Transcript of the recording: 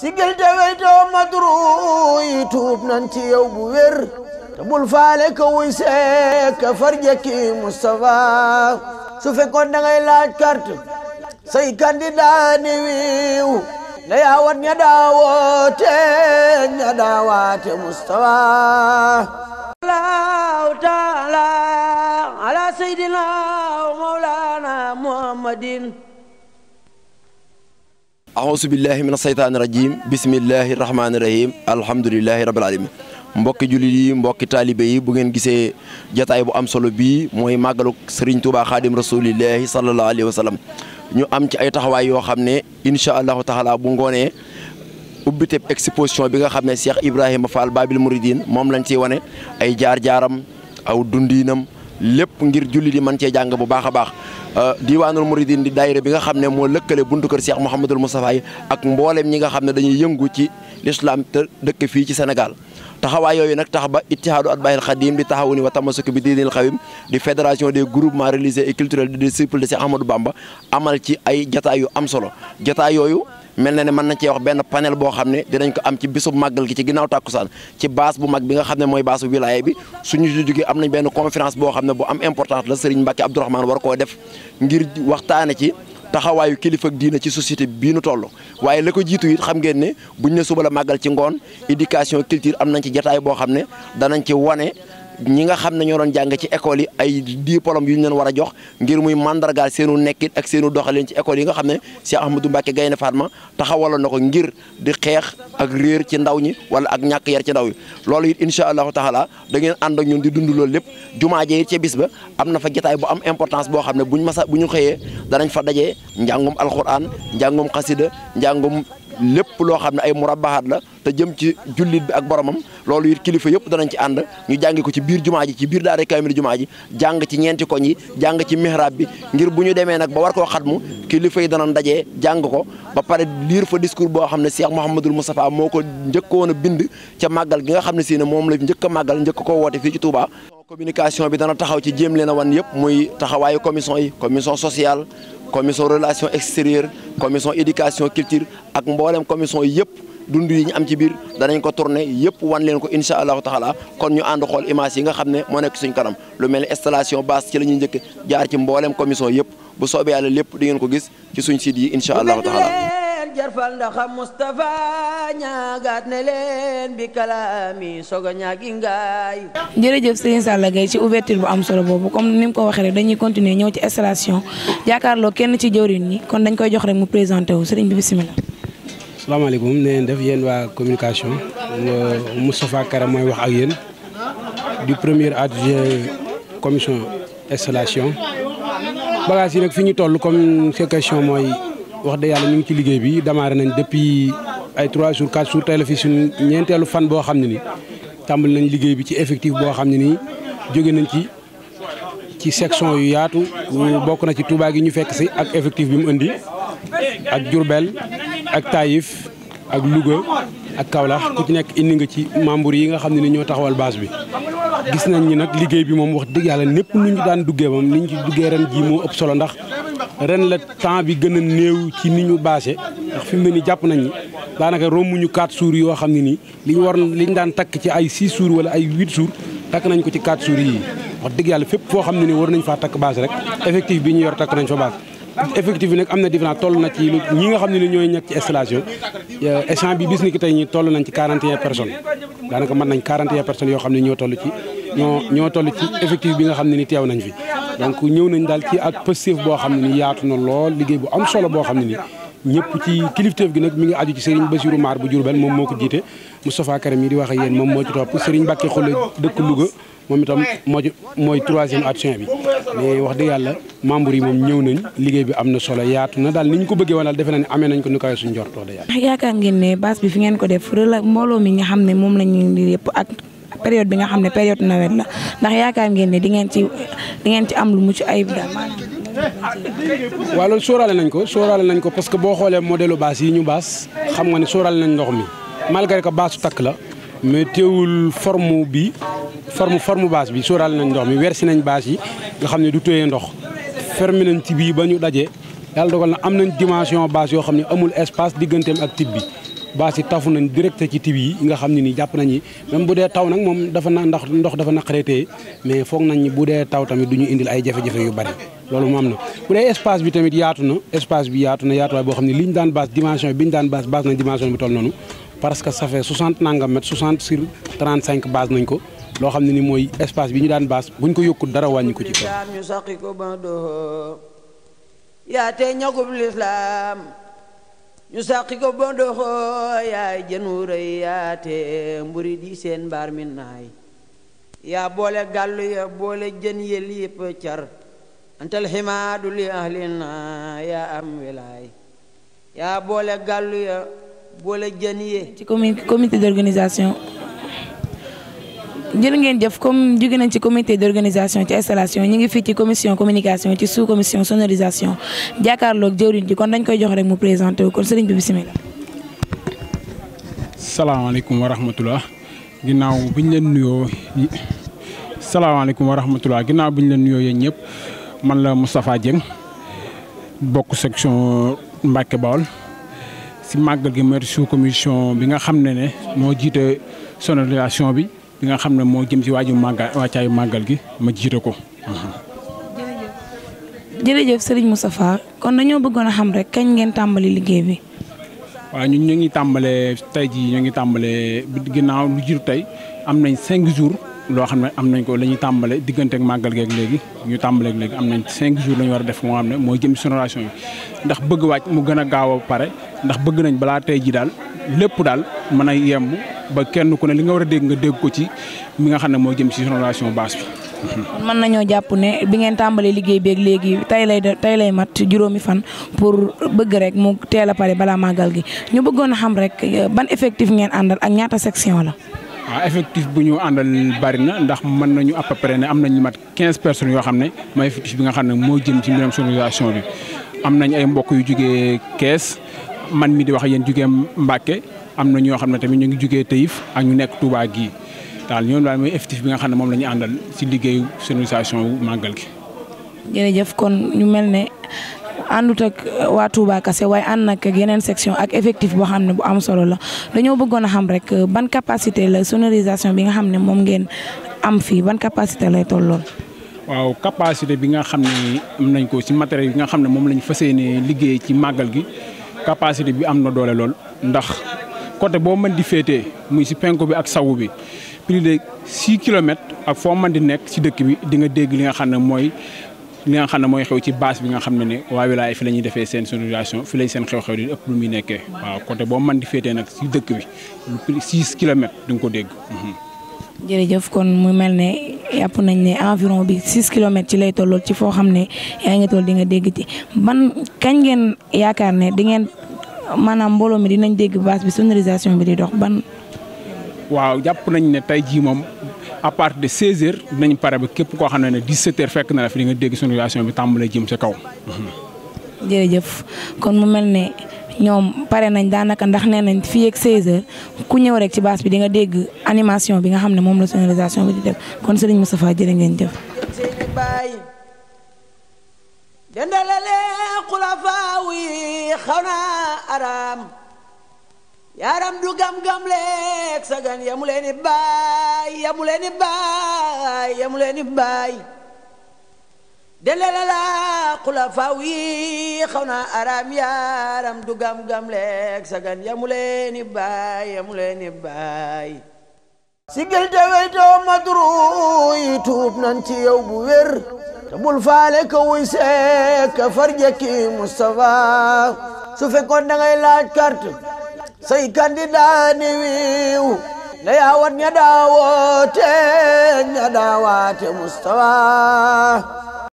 sigil te weytoo madru yi tuub nan ci yow bu wér te bul faale ka wuy seek ka farjekki Moustapha su fekkoon da ngay laaj carte say candidat ni wiiw na yaawat ña daawoote ña daawaate Moustapha allahu taala ala seydina wa maulana muhammadin ahousubillahi min aseytaani rajim bisimillahi rahmaani rahim alhamdulilahi rabil alamin mbokki jullit yi mbokki taalibe yi bu ngeen gisee jataay bu am solo bii mooy màggalu Serigne Touba xaadim rasulillahi sallallahu alayhi wa sallam ñu am ci ay taxawaay yoo xam ne incha allahu taala bu ngoonee ubbiteb exposition bi nga xam ne Cheikh Ibrahima Fall Babil Mouridine moom lañ ciy wane ay jaar-jaaram aw dundiinam lépp ngir julli di mën cee jàng bu baax a baax euh, diwaanul muridin di daayira bi nga xam ne moo lëkkale buntu kër Cheikh Mouhamadul Moustapha yi ak mbooleem ñi nga xam ne dañuy yëngu ci l'islam te dëkk fii ci Sénégal taxawaay yooyu nag tax ba ittihaadu atbaahil xadim di taxawu ni wa tamasuki bi diinil xawim di fédération de groupements religieux et culturels des disciples de Cheikh Ahmadou Bamba amal ci ay jataay yu am solo jataay yooyu mel na ne mën nañ cee wax benn panel boo xam ne dinañ ko am ci bisu màggal gi ci ginnaaw tàkkusaan ci base bu mag bi nga xam ne mooy base bu wilaya bi suñu jógee am nañ benn conférence boo xam ne boo am importance la Serigne Mbacke Abdourahmane war koo def ngir waxtaane ci taxawaayu kilifa ak diina ci société bii nu toll waaye la ko jiitu yi xam ngeen ne buñ ne suba la màggal ci ngoon éducation culture am nañ ci jataay boo xam ne danañ ci wane ñi nga xam ne ñoo doon jàng ci école yi ay diplôme yu ñu leen war a jox ngir muy mandargaal seenu nekkit ak seenu doxalin ci école yi nga xam ne si ahmadou mbacke gayna farma taxawaloon na ko ngir di xeex ak réer ci ndaw ñi wala ak ñàkk yar ci ndaw yi loolu it insha allahu taala da ngeen ànd ak ñun di dund loolu lépp jumaaje ci bis ba am na fa jataay bu am importance boo xam ne buñ masa bu ñu xëyee danañ fa dajee njàngum alquran njàngum xasida njàngum lépp loo xam ne ay murabbahaat la te jëm ci jullit bi ak boromam loolu it kilifa yëpp danañ ci ànd ñu jàng ko ci biir jumaa ji ci biir daara kaamil jumaa ji jàng ci ñeenti koñ yi jàng ci mihrab bi ngir bu ñu demee ba war koo xatmu kilifa yi danañ dajee jàng ko ba pare liir fa discours boo xam ne Cheikh Mouhamadul Moustapha moo ko njëkkoon a bind ca màggal gi nga xam ne si ne moom la njëkk màggal njëkk koo woote fii ci Touba. communication bi dana taxaw ci jéem leen a wan yëpp muy taxawaayu commission yi commission sociale. commission relations extérieures commission éducation culture ak mboolem commission yëpp dund yi ñu am ci biir danañ ko tourné yëpp wan leen ko incha allahu taala kon ñu ànd xool image yi nga xam ne moo nekk suñ kanam lu mel ni installation base ci la ñuy njëkk jaar ci mboolem commission yëpp bu soobee yàlla lépp di ngeen ko gis ci suñ si yi incha allahu taala jarfal ndaxa Moustapha ñaagaat ne leen bi kalaami soog a ñaagi ngaay jërëjëf Serigne Salla Gueye ci ouverture bu am solo boobu comme ni mu ko waxee rek dañuy continuer ñëw ci installation jaakaarloo kenn ci jëwriñ nii kon dañ koy jox rek mu présenté wu Serigne bi bisimilah. salaamaaleykum ne def yéen waa communication Moustapha Kara mooy wax ak yéen du premier adjoint commission installation bagage yi nag fi ñu toll comme question mooy. wax dëgg yàlla ñu ngi ci liggéey bi démarré nañ depuis ay trois jours 4 jours tey suñu ñeenteelu fan boo xam ne ni tàmbali nañ liggéey bi ci effectif boo xam ne nii jóge nañ ci ci section yu yaatu bokk na ci Touba yi ñu fekk si ak effectif bi mu indi ak jurbel ak Taïf ak Louga ak Kaolack ku ci nekk indi nga ci membres yi nga xam ne ni ñoo taxawal base bi. gis nañ ñi nag liggéey bi moom wax dëgg yàlla népp lu ñu daan duggee moom ni ñu ci duggee ren jii moo ëpp solo ndax ren la temps bi gën a néew ci ni ñu baase ndax fi mu ne nii jàpp nañ ni daanaka rombuñu 4 jours yoo xam ne nii li ñu war li daan takk ci ay 6 jours wala ay 8 jours takk nañ ko ci 4 jours yii wax dëgg yàlla fépp foo xam ne nii war nañ faa takk baase rek effectif bi ñu yor takk nañ fa baase. effectif bi nag am na différence toll na ci ñi nga xam ne ni ñooy ñekk ci installation échange euh, bi bis ni ki tey ñi toll nañ ci 41 personnes daanaka mën nañ 41 personnes yoo xam ne ñoo toll ci ñoo ñoo toll ci effectif bi nga xam ne ni teew nañ fi donc ñëw nañ daal ci ak positif boo xam ne ni yaatu na lool liggéey bu am solo boo xam ne ni ñëpp ci kilifteef gi nag mi ngi aju ci Serigne Bassirou Mar bu Diourbel moom moo ko jiite Moustapha moo ci itam mooy troisième action bi mais wax dëgg yàlla membre yi moom ñëw nañ liggéey bi am na solo yaatu na daal ni ñu ko bëggee woon daal defe naa ne amee nañ ko nu kawe suñu njort wax dëgg yàlla. yaakaar ngeen ne base bi fi ngeen ko def mbooloo mi nga xam ne moom la ñu yëpp ak. période bi nga xam ne période nawet la ndax yaakaar ngeen di ngeen ci di ngeen ci am lu mucc ayib daal maanaam. loolu sóoraale nañ ko soorale nañ ko parce que boo xoolee modèle baas yi ñu baas xam nga ne sóoraale nañ ndox mi malgré ko baasu takk la mais teewul forme bi forme forme baas bi sóoraale nañ ndox mi wersi nañ baas yi nga xam ne du téye ndox fermé nañ ci bii ba ñu daje yàlla dogal na am nañ dimension baas yoo xam ne amul espace digganteem ak tib bi. baas yi tafu nañ direct ci tib yi nga xam ne nii jàpp nañ ni bu dee taw nag moom dafa na ndox dafa naqaree téye mais foog nañ bu dee taw tamit du indil ay jafe-jafe yu bari loolu moom am na bu dee espace bi tamit yaatu na espace bi yaatu na yaatuwaay boo xam ne li ñu daan baas dimension bi ñu daan baas baas nañ dimension bi toll noonu parce que ça fait 60 nangam mètre 60 sur 35 baas nañ ko loo xam ne ni mooy espace bi ñu daan baas buñ ko yokkut dara wàññi ñu sàqi ko bondoxo yaay jën wu rëy yaate mburi di seen mbaar mi naay yaa boole gàllu ya boole jën yël yépp car antal ximaadu li ahlina yaa am wilaay yaa boole gàllu ya boole jën ye ci comité d'organisation jërë ngeen jëf comme jóge nañ ci comité d'organisation organisation ci installation ñu ngi fii ci commission communication ci sous commission sonorisation jàkkaarloog jëwriñ ji kon dañ koy jox rek mu présenté wu kon sëriñ bi bisimilah. salaamaaleykum wa rahmatulah ginnaaw bi ñu leen nuyoo salaamaaleykum wa rahmatulah ginnaaw bi ñu leen nuyoo yéen ñëpp man la Dieng section Mbacke Bawol si màggal gi sous commission bi nga xam ne sonorisation bi. bi nga xam ne moo jëm si waaju màggal wàccaayu màggal gi ma jiite ko. jërëjëf Serigne Moustapha kon dañoo bëggoon a xam rek kañ ngeen tàmbali liggéey bi. waa ñun ñu ngi tàmbalee tey jii ñu ngi tàmbalee ginnaaw lu jiitu tey am nañ cinq jours loo xam ne am nañ ko la ñuy tàmbale diggante ak màggal geeg léegi ñu tàmbaleeg léegi am nañ cinq jours lañu war a def moo xam ne mooy jëm sonoration yi ndax bëgg wàcc mu gën a gaaw a pare ndax bëgg nañ balaa tey ji daal ba kenn ku ne li nga war a dégg nga dégg ko ci mi nga xam ne moo jëm si génération basse bi man nañoo jàpp ne bi ngeen tàmbalee liggéey beeg léegi tay lay tay lay mat juróomi fan pour bëgg rek mu teel a pare balaa màggal gi ñu bëggoon xam rek euh, ban effectif ngeen àndal ak ñaata section la waaw ah, effectif bu ñu àndal bari na ndax mën nañu à peu près ne am nañu mat 15 personnes yoo xam ne mooy effectif bi nga xam ne moo jëm ci mbiram sonorisation bi am nañ ay mbokk yu jugee kees man mi di wax yéen jugee mbàkke am na ñoo xam ne tamit ñu ngi jugee Taïf ak ñu nekk Touba gi daal ñoom daal mooy effectif bi nga xam ne moom la ñu si liggéeyu sonorisation wu màggal gi. jërëjëf kon ñu mel ne àndut waa Touba waaye ànd nag ak section ak effectif boo xam ne bu am solo la dañoo bëggoon a xam rek ban capacité la sonorisation bi nga xam ne moom ngeen am fii ban capacité lay tolloon. waaw capacité bi nga xam ne am nañ ko si matériel bi nga xam ne moom la ñu fas yéenee liggéey ci màggal gi capacité bi am na doole lool ndax. côté boo mën di féetee muy si penku bi ak sawu bi plus de six kilomètres ak foo mën di nekk si dëkk bi di nga dégg li nga xam ne mooy li nga xam xew ci base bi nga xam ne ne fi la defee seen sonorisation fi lañ seen xew-xew di ëpp lu muy nekkee waaw côté boo mën di féetee nag si dëkk bi plus six di nga dégg. Mhm. ci foo xam ne yaa ngi toll di nga dégg ci ban kañ ngeen yaakaar ne di ngeen maanaam mbooloo mi dinañ dégg baas bi sonorisation bi di dox ban. waaw jàpp nañ ne tey jii moom à partir de 16h dinañ pare ba képp koo xam ne ne 17h fekk na la fi di nga dégg sonorisation bi tàmbalee jëm sa kaw. jërëjëf kon mu mel ne ñoom pare nañ daanaka ndax nee nañ fii ak 16h ku ñëw rek ci baas bi di nga dégg animation bi nga xam ne moom la sonorisation bi di def kon Serigne Moustapha jërë ngeen jëf. xulafaaw yi xaw naa araam yaaram du gam-gam leeg sagan yamu leen i baay yamu leen i baay yamu leen i baay delelala du gam-gam leeg sagan yamu leen i baay yamu leen i baay sigil te weytoo madru yi bu wér te bul faale ka wuy seek farje ki Moustapha su fekkoon da ngay laaj carte say candidat ni wiiw ne ña daawoote ña daawaate Moustapha